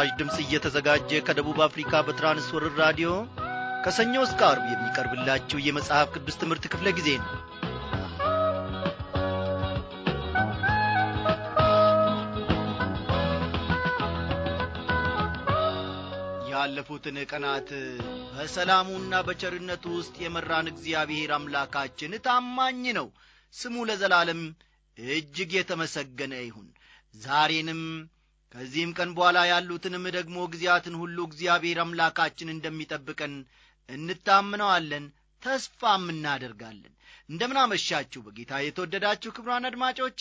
ለመስራች ድምፅ እየተዘጋጀ ከደቡብ አፍሪካ በትራንስወርር ራዲዮ ከሰኞ እስከ አርብ የሚቀርብላችሁ የመጽሐፍ ቅዱስ ትምህርት ክፍለ ጊዜ ነው ያለፉትን ቀናት በሰላሙና በቸርነቱ ውስጥ የመራን እግዚአብሔር አምላካችን ታማኝ ነው ስሙ ለዘላለም እጅግ የተመሰገነ ይሁን ዛሬንም ከዚህም ቀን በኋላ ያሉትንም ደግሞ ጊዜያትን ሁሉ እግዚአብሔር አምላካችን እንደሚጠብቀን እንታምነዋለን ተስፋም እናደርጋለን እንደምናመሻችሁ በጌታ የተወደዳችሁ ክብሯን አድማጮቼ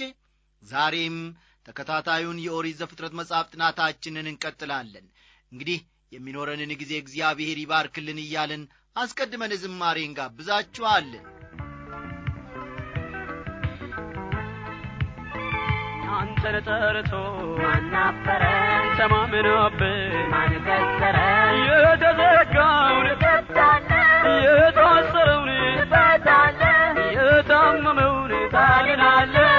ዛሬም ተከታታዩን የኦሪት ዘፍጥረት መጽሐፍ ጥናታችንን እንቀጥላለን እንግዲህ የሚኖረንን ጊዜ እግዚአብሔር ይባርክልን እያልን አስቀድመን ዝማሬ እንጋብዛችኋለን አንተን ጠርቶ ማናፈረ ተማምኖብ ማንበሰረ የተዘጋውን የታሰረውን የታመመውን ታድናለን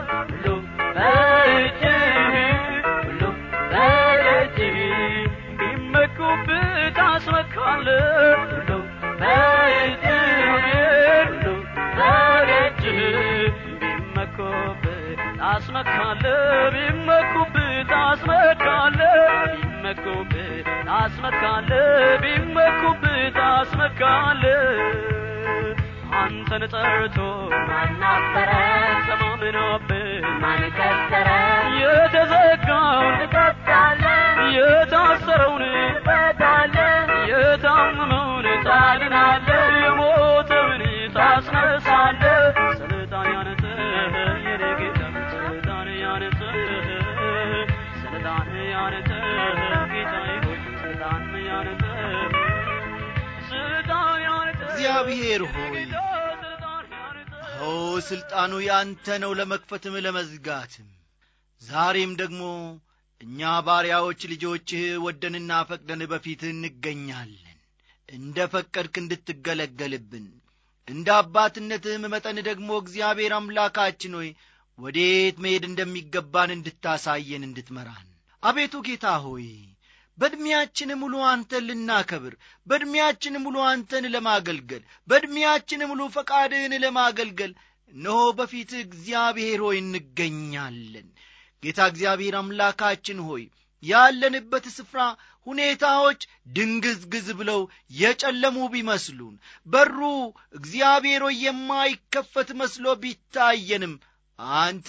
አስመካለ አስመካለ ቢመኩብት አስመካለ ቢመኩብት አስመካለ አንተን ጠርቶ ማናፈረ ተማምኖብህ እግዚአብሔር ሆይ ሆ ሥልጣኑ ያንተ ነው ለመክፈትም ለመዝጋትም ዛሬም ደግሞ እኛ ባሪያዎች ልጆችህ ወደንና ፈቅደን በፊት እንገኛለን እንደ ፈቀድክ እንድትገለገልብን እንደ አባትነትህም መጠን ደግሞ እግዚአብሔር አምላካችን ሆይ ወዴት መሄድ እንደሚገባን እንድታሳየን እንድትመራን አቤቱ ጌታ ሆይ በዕድሜያችን ሙሉ አንተን ልናከብር፣ በዕድሜያችን ሙሉ አንተን ለማገልገል፣ በዕድሜያችን ሙሉ ፈቃድህን ለማገልገል እነሆ በፊት እግዚአብሔር ሆይ እንገኛለን። ጌታ እግዚአብሔር አምላካችን ሆይ ያለንበት ስፍራ ሁኔታዎች ድንግዝግዝ ብለው የጨለሙ ቢመስሉን በሩ እግዚአብሔር ሆይ የማይከፈት መስሎ ቢታየንም አንተ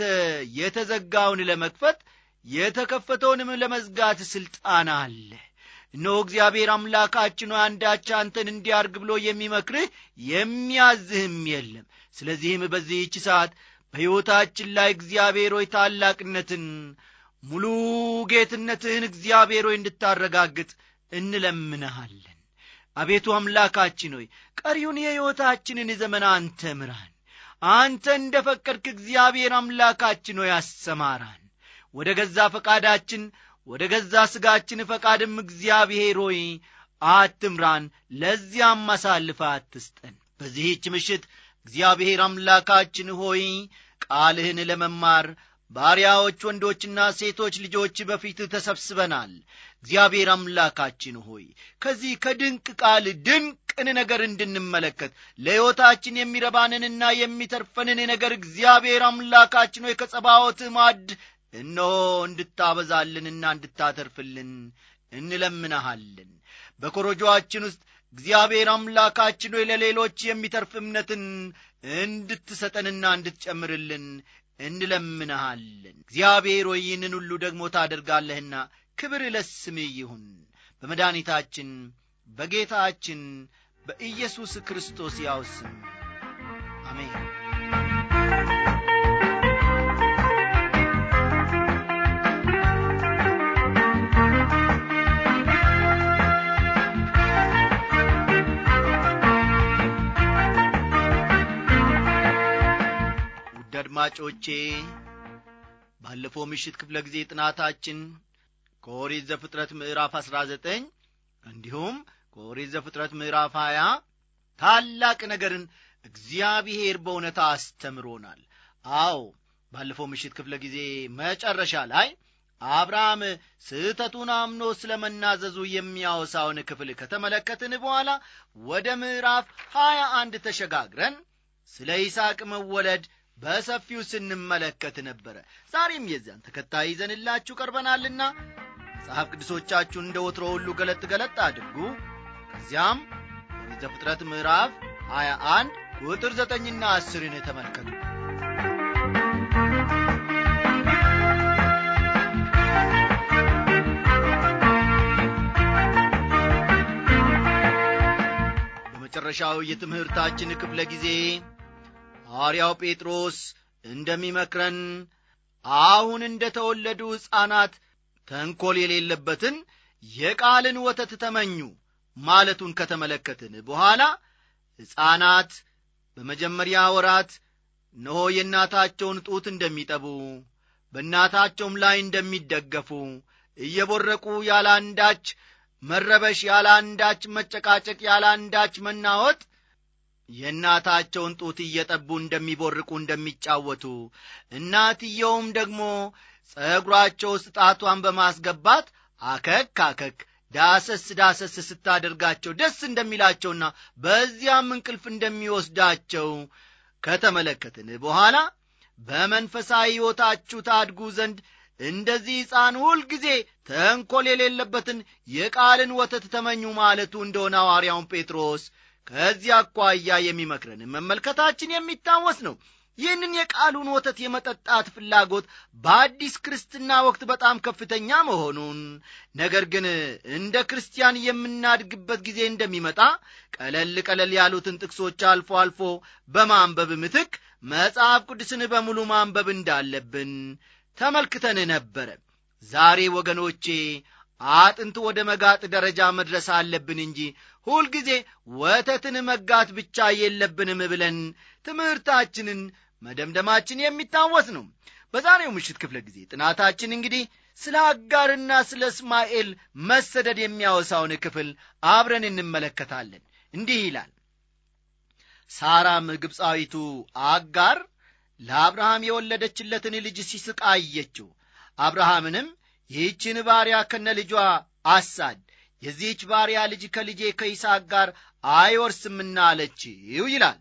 የተዘጋውን ለመክፈት የተከፈተውንም ለመዝጋት ሥልጣን አለ እነሆ እግዚአብሔር አምላካችን አንዳች አንተን እንዲያርግ ብሎ የሚመክርህ የሚያዝህም የለም ስለዚህም በዚህች ሰዓት በሕይወታችን ላይ እግዚአብሔር ሆይ ታላቅነትን ሙሉ ጌትነትህን እግዚአብሔር ሆይ እንድታረጋግጥ እንለምንሃለን አቤቱ አምላካችን ሆይ ቀሪውን የሕይወታችንን ዘመን አንተ ምራን አንተ እንደ ፈቀድክ እግዚአብሔር አምላካችን ሆይ አሰማራን ወደ ገዛ ፈቃዳችን ወደ ገዛ ሥጋችን ፈቃድም እግዚአብሔር ሆይ አትምራን፣ ለዚያም አሳልፈ አትስጠን። በዚህች ምሽት እግዚአብሔር አምላካችን ሆይ ቃልህን ለመማር ባሪያዎች ወንዶችና ሴቶች ልጆች በፊት ተሰብስበናል። እግዚአብሔር አምላካችን ሆይ ከዚህ ከድንቅ ቃል ድንቅን ነገር እንድንመለከት ለሕይወታችን የሚረባንንና የሚተርፈንን ነገር እግዚአብሔር አምላካችን ሆይ ከጸባዖት ማድ እነሆ እንድታበዛልንና እንድታተርፍልን እንለምንሃለን በኮረጆአችን ውስጥ እግዚአብሔር አምላካችን ሆይ ለሌሎች የሚተርፍ እምነትን እንድትሰጠንና እንድትጨምርልን እንለምንሃለን እግዚአብሔር ሆይ ይህንን ሁሉ ደግሞ ታደርጋለህና ክብር ለስም ይሁን በመድኃኒታችን በጌታችን በኢየሱስ ክርስቶስ ያውስም አድማጮቼ ባለፈው ምሽት ክፍለ ጊዜ ጥናታችን ከኦሪት ዘፍጥረት ምዕራፍ 19 እንዲሁም ከኦሪት ዘፍጥረት ምዕራፍ 20 ታላቅ ነገርን እግዚአብሔር በእውነታ አስተምሮናል። አዎ ባለፈው ምሽት ክፍለ ጊዜ መጨረሻ ላይ አብርሃም ስህተቱን አምኖ ስለ መናዘዙ የሚያወሳውን ክፍል ከተመለከትን በኋላ ወደ ምዕራፍ ሀያ አንድ ተሸጋግረን ስለ ይስቅ መወለድ በሰፊው ስንመለከት ነበረ። ዛሬም የዚያን ተከታይ ይዘንላችሁ ቀርበናልና መጽሐፍ ቅዱሶቻችሁን እንደ ወትሮ ሁሉ ገለጥ ገለጥ አድርጉ። ከዚያም ፍጥረት ምዕራፍ 21 ቁጥር ዘጠኝና አስርን ተመልከቱ። በመጨረሻው የትምህርታችን ክፍለ ጊዜ ሐዋርያው ጴጥሮስ እንደሚመክረን አሁን እንደ ተወለዱ ሕፃናት ተንኰል የሌለበትን የቃልን ወተት ተመኙ ማለቱን ከተመለከትን በኋላ ሕፃናት በመጀመሪያ ወራት ነሆ የእናታቸውን ጡት እንደሚጠቡ በእናታቸውም ላይ እንደሚደገፉ እየቦረቁ ያለ አንዳች መረበሽ፣ ያለ አንዳች መጨቃጨቅ፣ ያለ አንዳች መናወጥ የእናታቸውን ጡት እየጠቡ እንደሚቦርቁ እንደሚጫወቱ እናትየውም ደግሞ ጸጉራቸው ውስጥ ጣቷን በማስገባት አከክ አከክ ዳሰስ ዳሰስ ስታደርጋቸው ደስ እንደሚላቸውና በዚያም እንቅልፍ እንደሚወስዳቸው ከተመለከትን በኋላ በመንፈሳዊ ሕይወታችሁ ታድጉ ዘንድ እንደዚህ ሕፃን ሁልጊዜ ተንኰል የሌለበትን የቃልን ወተት ተመኙ ማለቱ እንደሆነ ሐዋርያውን ጴጥሮስ ከዚህ አኳያ የሚመክረን መመልከታችን የሚታወስ ነው ይህንን የቃሉን ወተት የመጠጣት ፍላጎት በአዲስ ክርስትና ወቅት በጣም ከፍተኛ መሆኑን ነገር ግን እንደ ክርስቲያን የምናድግበት ጊዜ እንደሚመጣ ቀለል ቀለል ያሉትን ጥቅሶች አልፎ አልፎ በማንበብ ምትክ መጽሐፍ ቅዱስን በሙሉ ማንበብ እንዳለብን ተመልክተን ነበረ ዛሬ ወገኖቼ አጥንት ወደ መጋጥ ደረጃ መድረስ አለብን እንጂ ሁልጊዜ ወተትን መጋት ብቻ የለብንም ብለን ትምህርታችንን መደምደማችን የሚታወስ ነው። በዛሬው ምሽት ክፍለ ጊዜ ጥናታችን እንግዲህ ስለ አጋርና ስለ እስማኤል መሰደድ የሚያወሳውን ክፍል አብረን እንመለከታለን። እንዲህ ይላል። ሳራም ግብፃዊቱ አጋር ለአብርሃም የወለደችለትን ልጅ ሲስቃየችው አብርሃምንም ይህችን ባሪያ ከነ ልጇ አሳድ የዚህች ባሪያ ልጅ ከልጄ ከይስሐቅ ጋር አይወርስምና አለችው ይላል።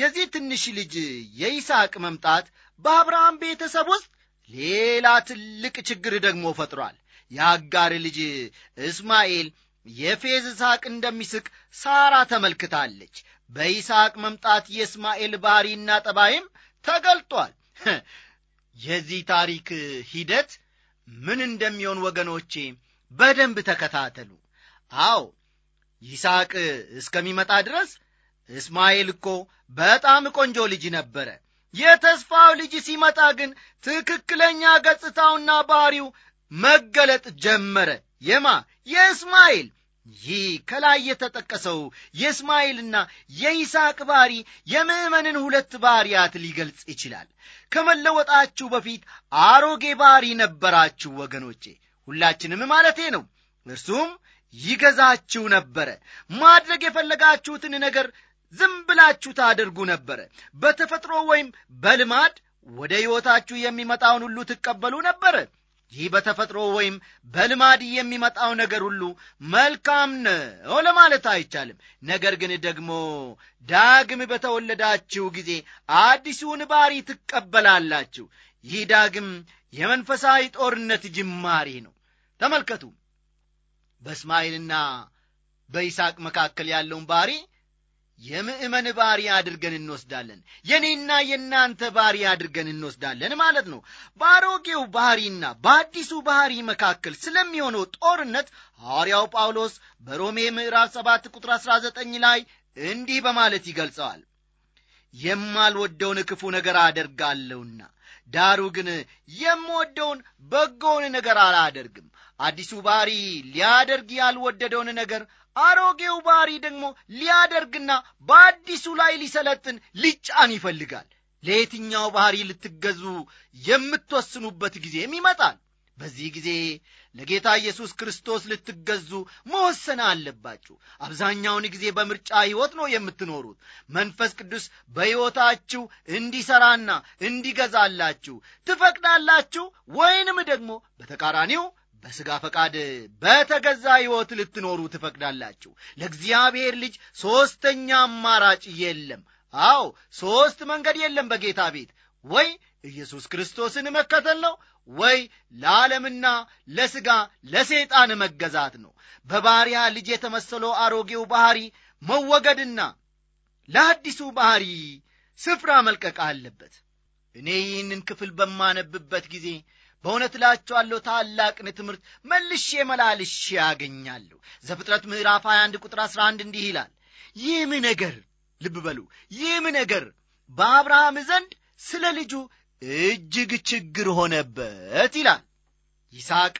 የዚህ ትንሽ ልጅ የይስሐቅ መምጣት በአብርሃም ቤተሰብ ውስጥ ሌላ ትልቅ ችግር ደግሞ ፈጥሯል። የአጋር ልጅ እስማኤል የፌዝ ሳቅ እንደሚስቅ ሳራ ተመልክታለች። በይስሐቅ መምጣት የእስማኤል ባሕሪና ጠባይም ተገልጧል። የዚህ ታሪክ ሂደት ምን እንደሚሆን ወገኖቼ በደንብ ተከታተሉ። አዎ ይስሐቅ እስከሚመጣ ድረስ እስማኤል እኮ በጣም ቆንጆ ልጅ ነበረ። የተስፋው ልጅ ሲመጣ ግን ትክክለኛ ገጽታውና ባህሪው መገለጥ ጀመረ። የማ የእስማኤል ይህ ከላይ የተጠቀሰው የእስማኤልና የይስሐቅ ባሪ የምዕመንን ሁለት ባሪያት ሊገልጽ ይችላል። ከመለወጣችሁ በፊት አሮጌ ባሪ ነበራችሁ ወገኖቼ፣ ሁላችንም ማለቴ ነው። እርሱም ይገዛችሁ ነበረ። ማድረግ የፈለጋችሁትን ነገር ዝም ብላችሁ ታደርጉ ነበረ። በተፈጥሮ ወይም በልማድ ወደ ሕይወታችሁ የሚመጣውን ሁሉ ትቀበሉ ነበረ። ይህ በተፈጥሮ ወይም በልማድ የሚመጣው ነገር ሁሉ መልካም ነው ለማለት አይቻልም። ነገር ግን ደግሞ ዳግም በተወለዳችሁ ጊዜ አዲሱን ባሪ ትቀበላላችሁ። ይህ ዳግም የመንፈሳዊ ጦርነት ጅማሬ ነው። ተመልከቱ፣ በእስማኤልና በይስቅ መካከል ያለውን ባሕሪ የምእመን ባሪያ አድርገን እንወስዳለን። የኔና የእናንተ ባሪያ አድርገን እንወስዳለን ማለት ነው። በአሮጌው ባህሪና በአዲሱ ባህሪ መካከል ስለሚሆነው ጦርነት ሐዋርያው ጳውሎስ በሮሜ ምዕራፍ 7 ቁጥር 19 ላይ እንዲህ በማለት ይገልጸዋል። የማልወደውን ክፉ ነገር አደርጋለሁና ዳሩ ግን የምወደውን በጎውን ነገር አላደርግም። አዲሱ ባህሪ ሊያደርግ ያልወደደውን ነገር አሮጌው ባህሪ ደግሞ ሊያደርግና በአዲሱ ላይ ሊሰለጥን ሊጫን ይፈልጋል። ለየትኛው ባህሪ ልትገዙ የምትወስኑበት ጊዜም ይመጣል። በዚህ ጊዜ ለጌታ ኢየሱስ ክርስቶስ ልትገዙ መወሰን አለባችሁ። አብዛኛውን ጊዜ በምርጫ ሕይወት ነው የምትኖሩት። መንፈስ ቅዱስ በሕይወታችሁ እንዲሠራና እንዲገዛላችሁ ትፈቅዳላችሁ ወይንም ደግሞ በተቃራኒው በሥጋ ፈቃድ በተገዛ ሕይወት ልትኖሩ ትፈቅዳላችሁ። ለእግዚአብሔር ልጅ ሦስተኛ አማራጭ የለም። አዎ ሦስት መንገድ የለም በጌታ ቤት ወይ ኢየሱስ ክርስቶስን መከተል ነው ወይ ለዓለምና ለሥጋ ለሰይጣን መገዛት ነው። በባሪያ ልጅ የተመሰለው አሮጌው ባሕሪ መወገድና ለአዲሱ ባሕሪ ስፍራ መልቀቅ አለበት። እኔ ይህንን ክፍል በማነብበት ጊዜ በእውነት እላችኋለሁ ታላቅን ትምህርት መልሼ መላልሼ ያገኛለሁ። ዘፍጥረት ምዕራፍ 21 ቁጥር 11 እንዲህ ይላል፣ ይህም ነገር ልብ በሉ፣ ይህም ነገር በአብርሃም ዘንድ ስለ ልጁ እጅግ ችግር ሆነበት ይላል። ይስሐቅ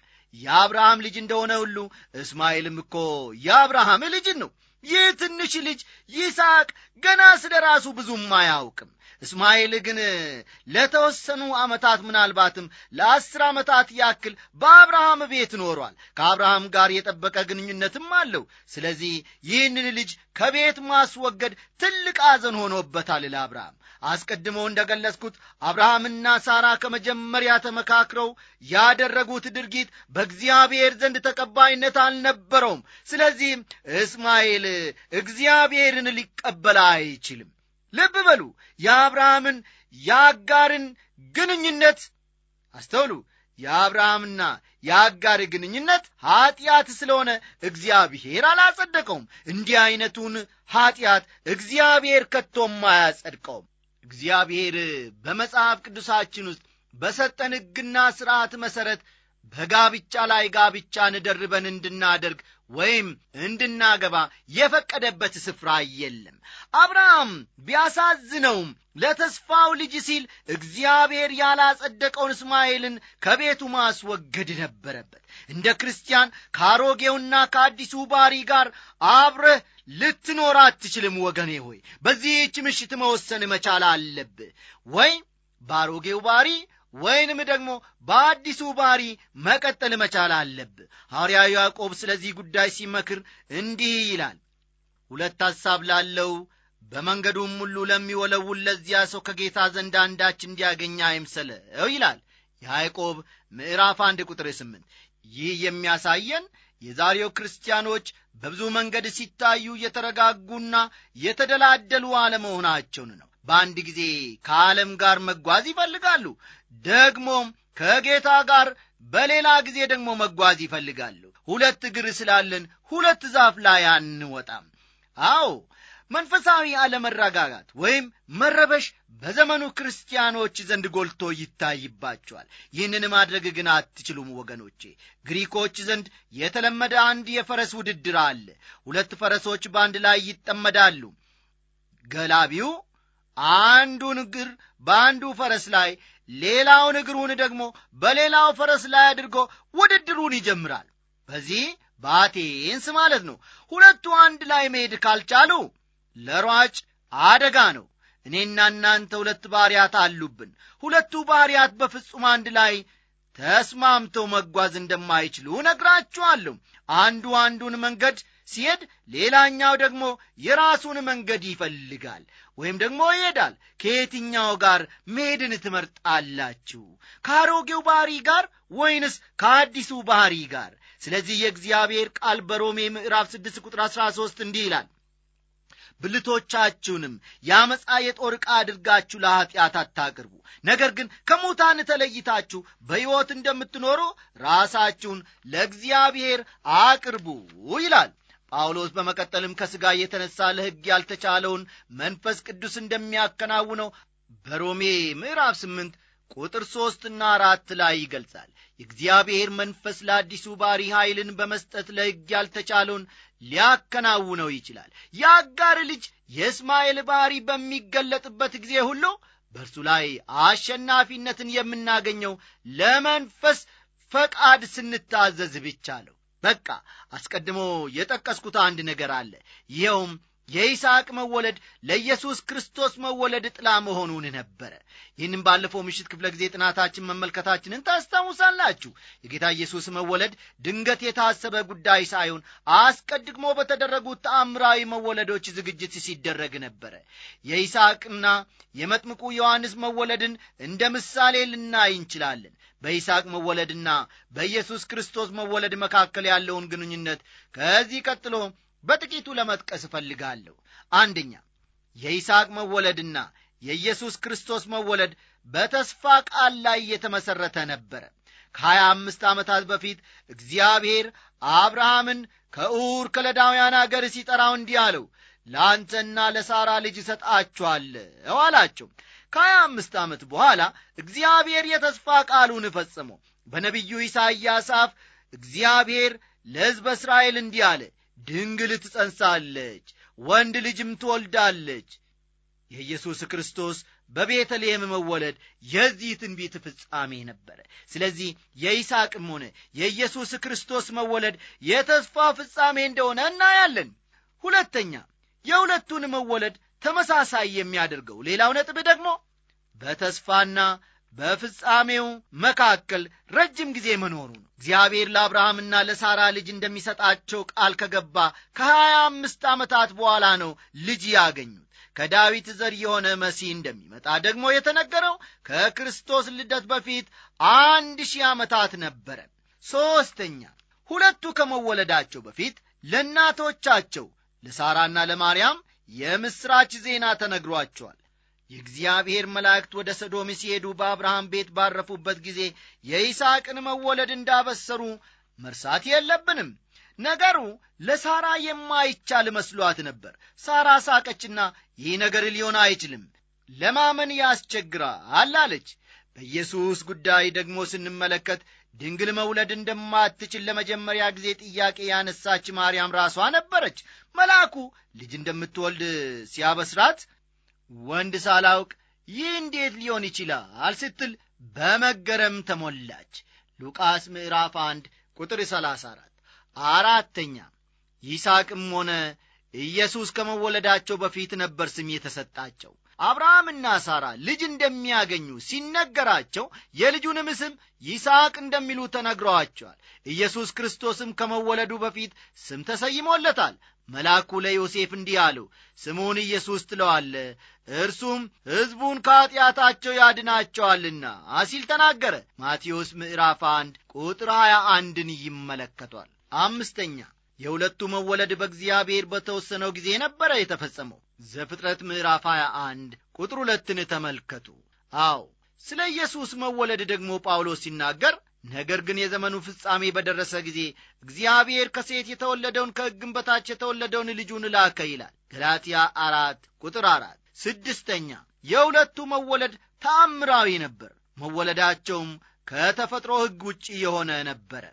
የአብርሃም ልጅ እንደሆነ ሁሉ እስማኤልም እኮ የአብርሃም ልጅ ነው። ይህ ትንሽ ልጅ ይስሐቅ ገና ስለ ራሱ ብዙም አያውቅም። እስማኤል ግን ለተወሰኑ ዓመታት ምናልባትም ለአስር ዓመታት ያክል በአብርሃም ቤት ኖሯል። ከአብርሃም ጋር የጠበቀ ግንኙነትም አለው። ስለዚህ ይህንን ልጅ ከቤት ማስወገድ ትልቅ አዘን ሆኖበታል ለአብርሃም። አስቀድሞ እንደገለጽኩት አብርሃምና ሳራ ከመጀመሪያ ተመካክረው ያደረጉት ድርጊት በእግዚአብሔር ዘንድ ተቀባይነት አልነበረውም። ስለዚህም እስማኤል እግዚአብሔርን ሊቀበል አይችልም። ልብ በሉ የአብርሃምን የአጋርን ግንኙነት አስተውሉ። የአብርሃምና የአጋር ግንኙነት ኀጢአት ስለሆነ እግዚአብሔር አላጸደቀውም። እንዲህ ዐይነቱን ኀጢአት እግዚአብሔር ከቶም አያጸድቀውም። እግዚአብሔር በመጽሐፍ ቅዱሳችን ውስጥ በሰጠን ሕግና ሥርዓት መሠረት በጋብቻ ላይ ጋብቻን ደርበን እንድናደርግ ወይም እንድናገባ የፈቀደበት ስፍራ የለም። አብርሃም ቢያሳዝነውም ለተስፋው ልጅ ሲል እግዚአብሔር ያላጸደቀውን እስማኤልን ከቤቱ ማስወገድ ነበረበት። እንደ ክርስቲያን ከአሮጌውና ከአዲሱ ባሪ ጋር አብረህ ልትኖር አትችልም። ወገኔ ሆይ በዚህች ምሽት መወሰን መቻል አለብህ። ወይ በአሮጌው ባሪ ወይንም ደግሞ በአዲሱ ባህሪ መቀጠል መቻል አለብ ሐርያ ያዕቆብ ስለዚህ ጉዳይ ሲመክር እንዲህ ይላል። ሁለት ሐሳብ ላለው በመንገዱም ሁሉ ለሚወለውል ለዚያ ሰው ከጌታ ዘንድ አንዳች እንዲያገኝ አይምሰለው ይላል ያዕቆብ ምዕራፍ አንድ ቁጥር ስምንት ይህ የሚያሳየን የዛሬው ክርስቲያኖች በብዙ መንገድ ሲታዩ የተረጋጉና የተደላደሉ አለመሆናቸውን ነው። በአንድ ጊዜ ከዓለም ጋር መጓዝ ይፈልጋሉ። ደግሞም ከጌታ ጋር በሌላ ጊዜ ደግሞ መጓዝ ይፈልጋሉ። ሁለት እግር ስላለን ሁለት ዛፍ ላይ አንወጣም። አዎ መንፈሳዊ አለመረጋጋት ወይም መረበሽ በዘመኑ ክርስቲያኖች ዘንድ ጎልቶ ይታይባቸዋል። ይህንን ማድረግ ግን አትችሉም ወገኖቼ። ግሪኮች ዘንድ የተለመደ አንድ የፈረስ ውድድር አለ። ሁለት ፈረሶች በአንድ ላይ ይጠመዳሉ። ገላቢው አንዱን እግር በአንዱ ፈረስ ላይ ሌላውን እግሩን ደግሞ በሌላው ፈረስ ላይ አድርጎ ውድድሩን ይጀምራል። በዚህ በአቴንስ ማለት ነው። ሁለቱ አንድ ላይ መሄድ ካልቻሉ ለሯጭ አደጋ ነው። እኔና እናንተ ሁለት ባሕርያት አሉብን። ሁለቱ ባሕርያት በፍጹም አንድ ላይ ተስማምተው መጓዝ እንደማይችሉ ነግራችኋለሁ። አንዱ አንዱን መንገድ ሲሄድ ሌላኛው ደግሞ የራሱን መንገድ ይፈልጋል ወይም ደግሞ ይሄዳል። ከየትኛው ጋር መሄድን ትመርጣላችሁ? ከአሮጌው ባሕሪ ጋር ወይንስ ከአዲሱ ባህሪ ጋር? ስለዚህ የእግዚአብሔር ቃል በሮሜ ምዕራፍ 6 ቁጥር 13 እንዲህ ይላል ብልቶቻችሁንም የአመፃ የጦር ዕቃ አድርጋችሁ ለኀጢአት አታቅርቡ፣ ነገር ግን ከሙታን ተለይታችሁ በሕይወት እንደምትኖሩ ራሳችሁን ለእግዚአብሔር አቅርቡ ይላል። ጳውሎስ በመቀጠልም ከሥጋ የተነሳ ለሕግ ያልተቻለውን መንፈስ ቅዱስ እንደሚያከናውነው በሮሜ ምዕራፍ ስምንት ቁጥር ሦስትና አራት ላይ ይገልጻል። የእግዚአብሔር መንፈስ ለአዲሱ ባሪ ኃይልን በመስጠት ለሕግ ያልተቻለውን ሊያከናውነው ይችላል። የአጋር ልጅ የእስማኤል ባሪ በሚገለጥበት ጊዜ ሁሉ በእርሱ ላይ አሸናፊነትን የምናገኘው ለመንፈስ ፈቃድ ስንታዘዝ ብቻ ነው። በቃ አስቀድሞ የጠቀስኩት አንድ ነገር አለ። ይኸውም የይስሐቅ መወለድ ለኢየሱስ ክርስቶስ መወለድ ጥላ መሆኑን ነበረ ይህንም ባለፈው ምሽት ክፍለ ጊዜ ጥናታችን መመልከታችንን ታስታውሳላችሁ የጌታ ኢየሱስ መወለድ ድንገት የታሰበ ጉዳይ ሳይሆን አስቀድግሞ በተደረጉት ተአምራዊ መወለዶች ዝግጅት ሲደረግ ነበረ የይስሐቅና የመጥምቁ ዮሐንስ መወለድን እንደ ምሳሌ ልናይ እንችላለን በይስሐቅ መወለድና በኢየሱስ ክርስቶስ መወለድ መካከል ያለውን ግንኙነት ከዚህ ቀጥሎ በጥቂቱ ለመጥቀስ እፈልጋለሁ። አንደኛ የይስሐቅ መወለድና የኢየሱስ ክርስቶስ መወለድ በተስፋ ቃል ላይ የተመሠረተ ነበረ። ከሀያ አምስት ዓመታት በፊት እግዚአብሔር አብርሃምን ከዑር ከለዳውያን አገር ሲጠራው እንዲህ አለው፣ ለአንተና ለሳራ ልጅ እሰጣችኋለሁ አላቸው። ከሀያ አምስት ዓመት በኋላ እግዚአብሔር የተስፋ ቃሉን ፈጽሞ በነቢዩ ኢሳይያስ አፍ እግዚአብሔር ለሕዝበ እስራኤል እንዲህ አለ ድንግል ትጸንሳለች፣ ወንድ ልጅም ትወልዳለች። የኢየሱስ ክርስቶስ በቤተልሔም መወለድ የዚህ ትንቢት ፍጻሜ ነበረ። ስለዚህ የይስቅም ሆነ የኢየሱስ ክርስቶስ መወለድ የተስፋ ፍጻሜ እንደሆነ እናያለን። ሁለተኛ የሁለቱን መወለድ ተመሳሳይ የሚያደርገው ሌላው ነጥብ ደግሞ በተስፋና በፍጻሜው መካከል ረጅም ጊዜ መኖሩ ነው። እግዚአብሔር ለአብርሃምና ለሳራ ልጅ እንደሚሰጣቸው ቃል ከገባ ከሀያ አምስት ዓመታት በኋላ ነው ልጅ ያገኙት። ከዳዊት ዘር የሆነ መሲህ እንደሚመጣ ደግሞ የተነገረው ከክርስቶስ ልደት በፊት አንድ ሺህ ዓመታት ነበረ። ሦስተኛ ሁለቱ ከመወለዳቸው በፊት ለእናቶቻቸው ለሳራና ለማርያም የምሥራች ዜና ተነግሯቸዋል። የእግዚአብሔር መላእክት ወደ ሰዶም ሲሄዱ በአብርሃም ቤት ባረፉበት ጊዜ የይስቅን መወለድ እንዳበሰሩ መርሳት የለብንም። ነገሩ ለሳራ የማይቻል መስሏት ነበር። ሳራ ሳቀችና ይህ ነገር ሊሆን አይችልም፣ ለማመን ያስቸግራ አላለች በኢየሱስ ጉዳይ ደግሞ ስንመለከት ድንግል መውለድ እንደማትችል ለመጀመሪያ ጊዜ ጥያቄ ያነሳች ማርያም ራሷ ነበረች። መልአኩ ልጅ እንደምትወልድ ሲያበስራት ወንድ ሳላውቅ ይህ እንዴት ሊሆን ይችላል ስትል በመገረም ተሞላች ሉቃስ ምዕራፍ 1 ቁጥር 34 አራተኛ ይስቅም ሆነ ኢየሱስ ከመወለዳቸው በፊት ነበር ስም የተሰጣቸው አብርሃምና ሳራ ልጅ እንደሚያገኙ ሲነገራቸው የልጁንም ስም ይስሐቅ እንደሚሉ ተነግረዋቸዋል። ኢየሱስ ክርስቶስም ከመወለዱ በፊት ስም ተሰይሞለታል። መልአኩ ለዮሴፍ እንዲህ አለው፣ ስሙን ኢየሱስ ትለዋለ፣ እርሱም ሕዝቡን ከኀጢአታቸው ያድናቸዋልና አሲል ተናገረ። ማቴዎስ ምዕራፍ 1 ቁጥር 21ን ይመለከቷል። አምስተኛ የሁለቱ መወለድ በእግዚአብሔር በተወሰነው ጊዜ ነበረ የተፈጸመው። ዘፍጥረት ምዕራፍ 21 ቁጥር ሁለትን ተመልከቱ። አዎ ስለ ኢየሱስ መወለድ ደግሞ ጳውሎስ ሲናገር ነገር ግን የዘመኑ ፍጻሜ በደረሰ ጊዜ እግዚአብሔር ከሴት የተወለደውን ከሕግም በታች የተወለደውን ልጁን ላከ ይላል። ገላትያ አራት ቁጥር አራት ስድስተኛ የሁለቱ መወለድ ታምራዊ ነበር። መወለዳቸውም ከተፈጥሮ ሕግ ውጪ የሆነ ነበረ።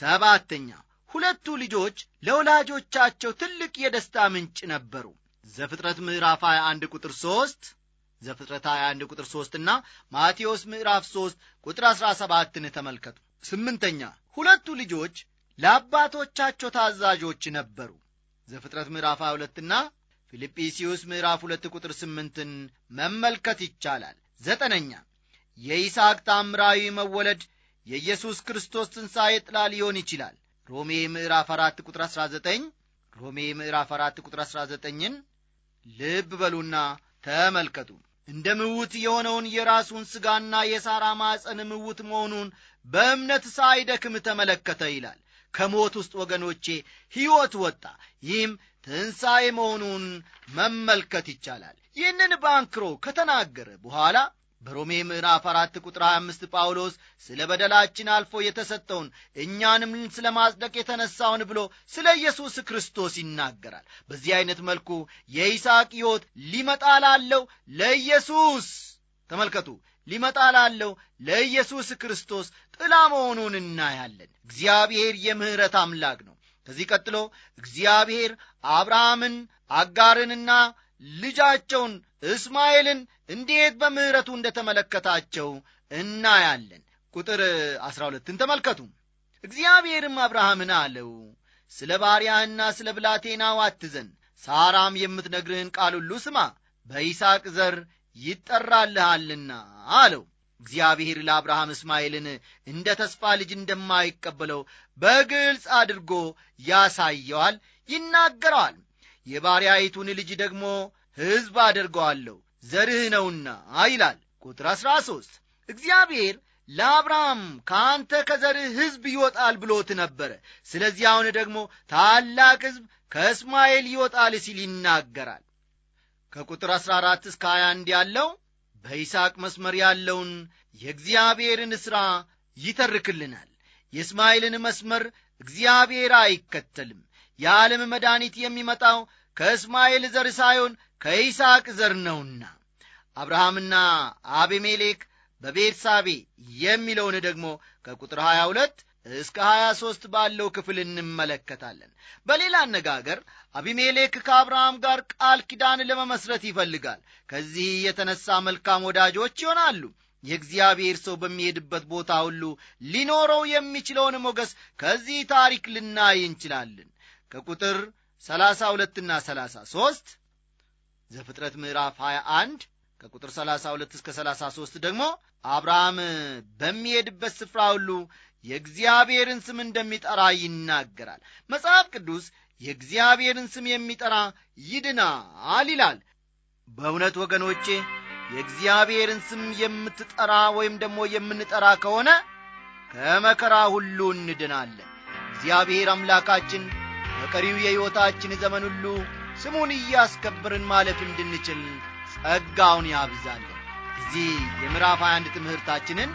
ሰባተኛ ሁለቱ ልጆች ለወላጆቻቸው ትልቅ የደስታ ምንጭ ነበሩ ዘፍጥረት ምዕራፍ 21 ቁጥር 3 ዘፍጥረት 21 ቁጥር 3 እና ማቴዎስ ምዕራፍ 3 ቁጥር 17ን ተመልከቱ ስምንተኛ ሁለቱ ልጆች ለአባቶቻቸው ታዛዦች ነበሩ ዘፍጥረት ምዕራፍ 22 እና ፊልጵስዩስ ምዕራፍ 2 ቁጥር 8ን መመልከት ይቻላል ዘጠነኛ የይስሐቅ ታምራዊ መወለድ የኢየሱስ ክርስቶስ ትንሣኤ ጥላ ሊሆን ይችላል ሮሜ ምዕራፍ 4 ቁጥር 19 ሮሜ ምዕራፍ 4 ቁጥር 19ን ልብ በሉና ተመልከቱ እንደ ምውት የሆነውን የራሱን ሥጋና የሳራ ማፀን ምውት መሆኑን በእምነት ሳይደክም ተመለከተ ይላል ከሞት ውስጥ ወገኖቼ ሕይወት ወጣ ይህም ትንሣኤ መሆኑን መመልከት ይቻላል ይህንን ባንክሮ ከተናገረ በኋላ በሮሜ ምዕራፍ አራት ቁጥር 25 ጳውሎስ ስለ በደላችን አልፎ የተሰጠውን እኛንም ስለ ማጽደቅ የተነሳውን ብሎ ስለ ኢየሱስ ክርስቶስ ይናገራል። በዚህ አይነት መልኩ የይስሐቅ ሕይወት ሊመጣ ላለው ለኢየሱስ ተመልከቱ ሊመጣ ላለው ለኢየሱስ ክርስቶስ ጥላ መሆኑን እናያለን። እግዚአብሔር የምሕረት አምላክ ነው። ከዚህ ቀጥሎ እግዚአብሔር አብርሃምን አጋርንና ልጃቸውን እስማኤልን እንዴት በምሕረቱ እንደ ተመለከታቸው እናያለን። ቁጥር ዐሥራ ሁለትን ተመልከቱ። እግዚአብሔርም አብርሃምን አለው ስለ ባሪያህና ስለ ብላቴናው አትዘን፣ ሳራም የምትነግርህን ቃል ሁሉ ስማ፣ በይስቅ ዘር ይጠራልሃልና አለው። እግዚአብሔር ለአብርሃም እስማኤልን እንደ ተስፋ ልጅ እንደማይቀበለው በግልጽ አድርጎ ያሳየዋል፣ ይናገረዋል። የባሪያይቱን ልጅ ደግሞ ሕዝብ አደርገዋለሁ ዘርህ ነውና ይላል ቁጥር 13 እግዚአብሔር ለአብርሃም ከአንተ ከዘርህ ሕዝብ ይወጣል ብሎት ነበረ ስለዚህ አሁን ደግሞ ታላቅ ሕዝብ ከእስማኤል ይወጣል ሲል ይናገራል ከቁጥር 14 እስከ 21 ያለው በይስቅ መስመር ያለውን የእግዚአብሔርን ሥራ ይተርክልናል የእስማኤልን መስመር እግዚአብሔር አይከተልም የዓለም መድኃኒት የሚመጣው ከእስማኤል ዘር ሳይሆን ከይስሐቅ ዘር ነውና አብርሃምና አቤሜሌክ በቤርሳቤ የሚለውን ደግሞ ከቁጥር 22 እስከ 23 ባለው ክፍል እንመለከታለን። በሌላ አነጋገር አቢሜሌክ ከአብርሃም ጋር ቃል ኪዳን ለመመስረት ይፈልጋል። ከዚህ የተነሳ መልካም ወዳጆች ይሆናሉ። የእግዚአብሔር ሰው በሚሄድበት ቦታ ሁሉ ሊኖረው የሚችለውን ሞገስ ከዚህ ታሪክ ልናይ እንችላለን። ከቁጥር 32ና 33 ዘፍጥረት ምዕራፍ 21 ከቁጥር 32 እስከ 33 ደግሞ አብርሃም በሚሄድበት ስፍራ ሁሉ የእግዚአብሔርን ስም እንደሚጠራ ይናገራል። መጽሐፍ ቅዱስ የእግዚአብሔርን ስም የሚጠራ ይድናል ይላል። በእውነት ወገኖቼ የእግዚአብሔርን ስም የምትጠራ ወይም ደግሞ የምንጠራ ከሆነ ከመከራ ሁሉ እንድናለን። እግዚአብሔር አምላካችን በቀሪው የሕይወታችን ዘመን ሁሉ ስሙን እያስከበርን ማለፍ እንድንችል ጸጋውን ያብዛለን። እዚህ የምዕራፍ 21 ትምህርታችንን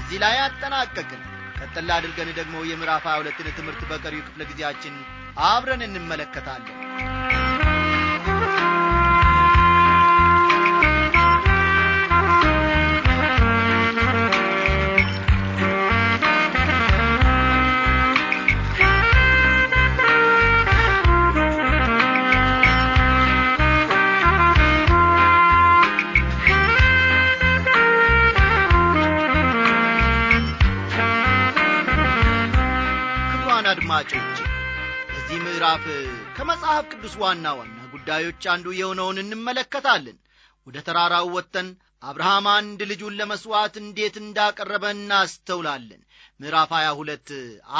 እዚህ ላይ አጠናቀቅን። ቀጠላ አድርገን ደግሞ የምዕራፍ 22ን ትምህርት በቀሪው ክፍለ ጊዜያችን አብረን እንመለከታለን። ከመጽሐፍ ቅዱስ ዋና ዋና ጉዳዮች አንዱ የሆነውን እንመለከታለን ወደ ተራራው ወጥተን አብርሃም አንድ ልጁን ለመሥዋዕት እንዴት እንዳቀረበ እናስተውላለን ምዕራፍ 22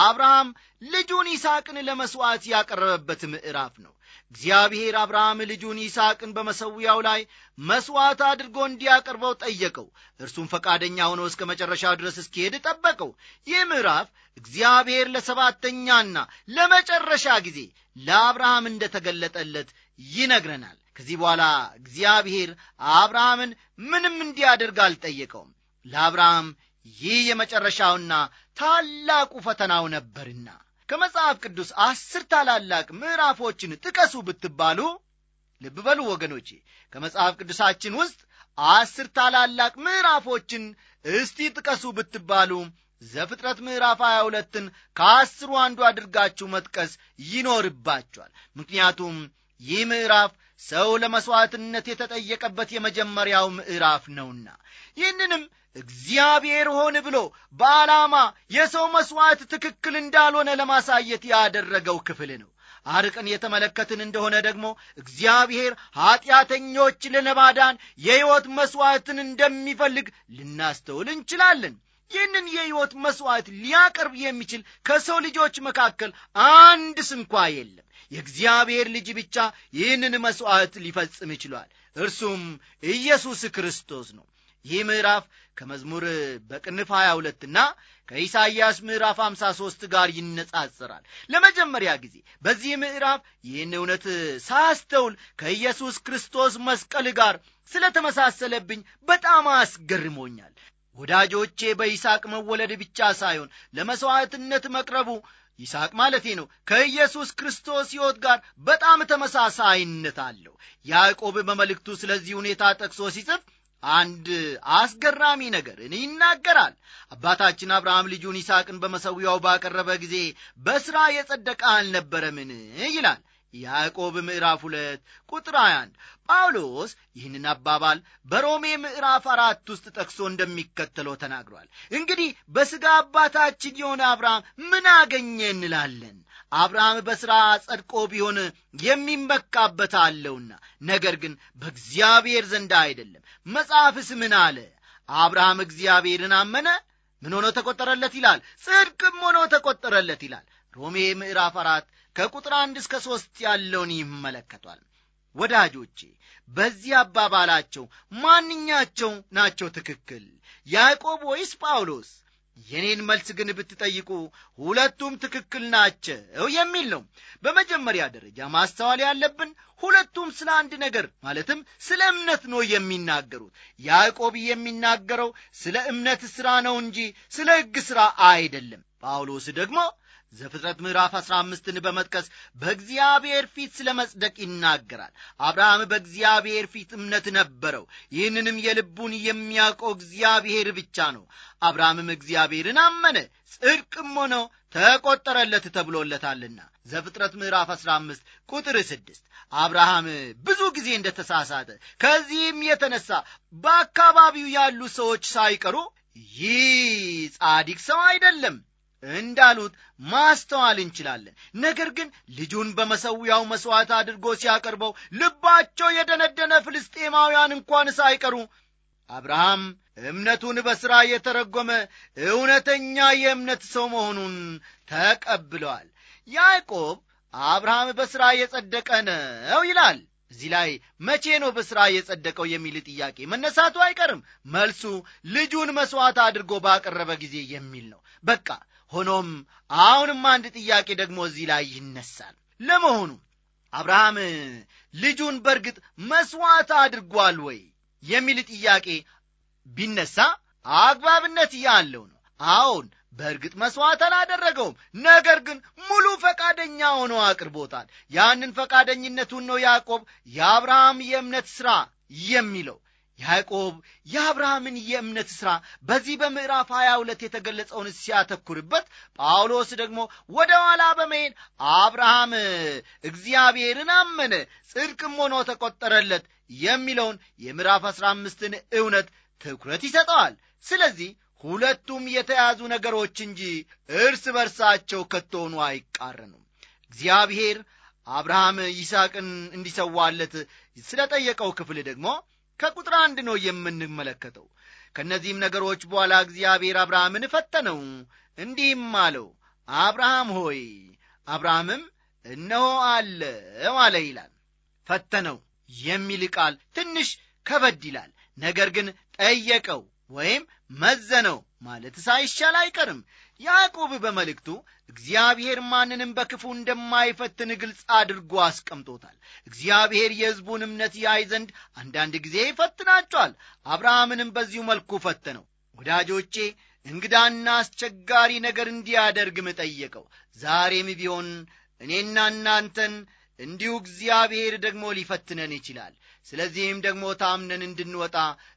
አብርሃም ልጁን ይስቅን ለመሥዋዕት ያቀረበበት ምዕራፍ ነው እግዚአብሔር አብርሃም ልጁን ይስቅን በመሠዊያው ላይ መሥዋዕት አድርጎ እንዲያቀርበው ጠየቀው እርሱም ፈቃደኛ ሆኖ እስከ መጨረሻው ድረስ እስኪሄድ ጠበቀው ይህ ምዕራፍ እግዚአብሔር ለሰባተኛና ለመጨረሻ ጊዜ ለአብርሃም እንደ ተገለጠለት ይነግረናል። ከዚህ በኋላ እግዚአብሔር አብርሃምን ምንም እንዲያደርግ አልጠየቀውም። ለአብርሃም ይህ የመጨረሻውና ታላቁ ፈተናው ነበርና ከመጽሐፍ ቅዱስ አስር ታላላቅ ምዕራፎችን ጥቀሱ ብትባሉ ልብ በሉ ወገኖቼ፣ ከመጽሐፍ ቅዱሳችን ውስጥ አስር ታላላቅ ምዕራፎችን እስቲ ጥቀሱ ብትባሉ ዘፍጥረት ምዕራፍ 22ን ከአስሩ አንዱ አድርጋችሁ መጥቀስ ይኖርባችኋል። ምክንያቱም ይህ ምዕራፍ ሰው ለመሥዋዕትነት የተጠየቀበት የመጀመሪያው ምዕራፍ ነውና ይህንንም እግዚአብሔር ሆን ብሎ በዓላማ የሰው መሥዋዕት ትክክል እንዳልሆነ ለማሳየት ያደረገው ክፍል ነው። አርቅን የተመለከትን እንደሆነ ደግሞ እግዚአብሔር ኀጢአተኞች ለነባዳን የሕይወት መሥዋዕትን እንደሚፈልግ ልናስተውል እንችላለን። ይህንን የሕይወት መሥዋዕት ሊያቀርብ የሚችል ከሰው ልጆች መካከል አንድ ስንኳ የለም። የእግዚአብሔር ልጅ ብቻ ይህንን መሥዋዕት ሊፈጽም ይችሏል። እርሱም ኢየሱስ ክርስቶስ ነው። ይህ ምዕራፍ ከመዝሙር በቅንፍ 22 እና ከኢሳይያስ ምዕራፍ 53 ጋር ይነጻጽራል ለመጀመሪያ ጊዜ በዚህ ምዕራፍ ይህን እውነት ሳስተውል ከኢየሱስ ክርስቶስ መስቀል ጋር ስለተመሳሰለብኝ በጣም አስገርሞኛል። ወዳጆቼ በይስቅ መወለድ ብቻ ሳይሆን ለመሥዋዕትነት መቅረቡ ይስቅ ማለቴ ነው ከኢየሱስ ክርስቶስ ሕይወት ጋር በጣም ተመሳሳይነት አለው ያዕቆብ በመልእክቱ ስለዚህ ሁኔታ ጠቅሶ ሲጽፍ አንድ አስገራሚ ነገርን ይናገራል አባታችን አብርሃም ልጁን ይስቅን በመሠዊያው ባቀረበ ጊዜ በሥራ የጸደቀ አልነበረምን ይላል ያዕቆብ ምዕራፍ ሁለት ቁጥር 21 ጳውሎስ ይህንን አባባል በሮሜ ምዕራፍ አራት ውስጥ ጠቅሶ እንደሚከተለው ተናግሯል። እንግዲህ በሥጋ አባታችን የሆነ አብርሃም ምን አገኘ እንላለን? አብርሃም በሥራ ጸድቆ ቢሆን የሚመካበት አለውና፣ ነገር ግን በእግዚአብሔር ዘንድ አይደለም። መጽሐፍስ ምን አለ? አብርሃም እግዚአብሔርን አመነ፣ ምን ሆኖ ተቆጠረለት ይላል፣ ጽድቅም ሆኖ ተቆጠረለት ይላል። ሮሜ ምዕራፍ አራት ከቁጥር አንድ እስከ ሦስት ያለውን ይመለከቷል። ወዳጆቼ በዚህ አባባላቸው ማንኛቸው ናቸው ትክክል ያዕቆብ ወይስ ጳውሎስ የኔን መልስ ግን ብትጠይቁ ሁለቱም ትክክል ናቸው የሚል ነው በመጀመሪያ ደረጃ ማስተዋል ያለብን ሁለቱም ስለ አንድ ነገር ማለትም ስለ እምነት ነው የሚናገሩት ያዕቆብ የሚናገረው ስለ እምነት ሥራ ነው እንጂ ስለ ሕግ ሥራ አይደለም ጳውሎስ ደግሞ ዘፍጥረት ምዕራፍ አሥራ አምስትን በመጥቀስ በእግዚአብሔር ፊት ስለ መጽደቅ ይናገራል። አብርሃም በእግዚአብሔር ፊት እምነት ነበረው። ይህንንም የልቡን የሚያውቀው እግዚአብሔር ብቻ ነው። አብርሃምም እግዚአብሔርን አመነ፣ ጽድቅም ሆኖ ተቆጠረለት ተብሎለታልና። ዘፍጥረት ምዕራፍ 15 ቁጥር 6 አብርሃም ብዙ ጊዜ እንደ ተሳሳተ ከዚህም የተነሳ በአካባቢው ያሉ ሰዎች ሳይቀሩ ይህ ጻዲቅ ሰው አይደለም እንዳሉት ማስተዋል እንችላለን። ነገር ግን ልጁን በመሠዊያው መሥዋዕት አድርጎ ሲያቀርበው ልባቸው የደነደነ ፍልስጤማውያን እንኳን ሳይቀሩ አብርሃም እምነቱን በሥራ የተረጎመ እውነተኛ የእምነት ሰው መሆኑን ተቀብለዋል። ያዕቆብ አብርሃም በሥራ የጸደቀ ነው ይላል። እዚህ ላይ መቼ ነው በሥራ የጸደቀው የሚል ጥያቄ መነሳቱ አይቀርም። መልሱ ልጁን መሥዋዕት አድርጎ ባቀረበ ጊዜ የሚል ነው። በቃ ሆኖም አሁንም አንድ ጥያቄ ደግሞ እዚህ ላይ ይነሳል። ለመሆኑ አብርሃም ልጁን በእርግጥ መሥዋዕት አድርጓል ወይ የሚል ጥያቄ ቢነሳ አግባብነት ያለው ነው። አሁን በእርግጥ መሥዋዕት አላደረገውም። ነገር ግን ሙሉ ፈቃደኛ ሆኖ አቅርቦታል። ያንን ፈቃደኝነቱን ነው ያዕቆብ የአብርሃም የእምነት ሥራ የሚለው ያዕቆብ የአብርሃምን የእምነት ሥራ በዚህ በምዕራፍ 22 የተገለጸውን ሲያተኩርበት፣ ጳውሎስ ደግሞ ወደ ኋላ በመሄድ አብርሃም እግዚአብሔርን አመነ ጽድቅም ሆኖ ተቆጠረለት የሚለውን የምዕራፍ 15ን እውነት ትኩረት ይሰጠዋል። ስለዚህ ሁለቱም የተያዙ ነገሮች እንጂ እርስ በርሳቸው ከቶሆኑ አይቃረኑም። እግዚአብሔር አብርሃም ይስሐቅን እንዲሰዋለት ስለ ጠየቀው ክፍል ደግሞ ከቁጥር አንድ ነው የምንመለከተው። ከእነዚህም ነገሮች በኋላ እግዚአብሔር አብርሃምን ፈተነው፣ እንዲህም አለው አብርሃም ሆይ፣ አብርሃምም እነሆ አለው አለ ይላል። ፈተነው የሚል ቃል ትንሽ ከበድ ይላል። ነገር ግን ጠየቀው ወይም መዘነው ማለት ሳይሻል አይቀርም። ያዕቆብ በመልእክቱ እግዚአብሔር ማንንም በክፉ እንደማይፈትን ግልጽ አድርጎ አስቀምጦታል። እግዚአብሔር የሕዝቡን እምነት ያይ ዘንድ አንዳንድ ጊዜ ይፈትናቸዋል። አብርሃምንም በዚሁ መልኩ ፈተነው። ወዳጆቼ እንግዳና አስቸጋሪ ነገር እንዲያደርግም ጠየቀው። ዛሬም ቢሆን እኔና እናንተን እንዲሁ እግዚአብሔር ደግሞ ሊፈትነን ይችላል። ስለዚህም ደግሞ ታምነን እንድንወጣ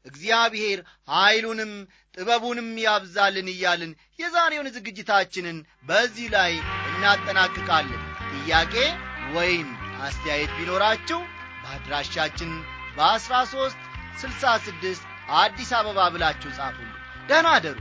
እግዚአብሔር ኀይሉንም ጥበቡንም ያብዛልን እያልን የዛሬውን ዝግጅታችንን በዚህ ላይ እናጠናቅቃለን። ጥያቄ ወይም አስተያየት ቢኖራችሁ በአድራሻችን በ ሦስት ስልሳ ድስት አዲስ አበባ ብላችሁ ጻፉልን። ደህና አደሩ።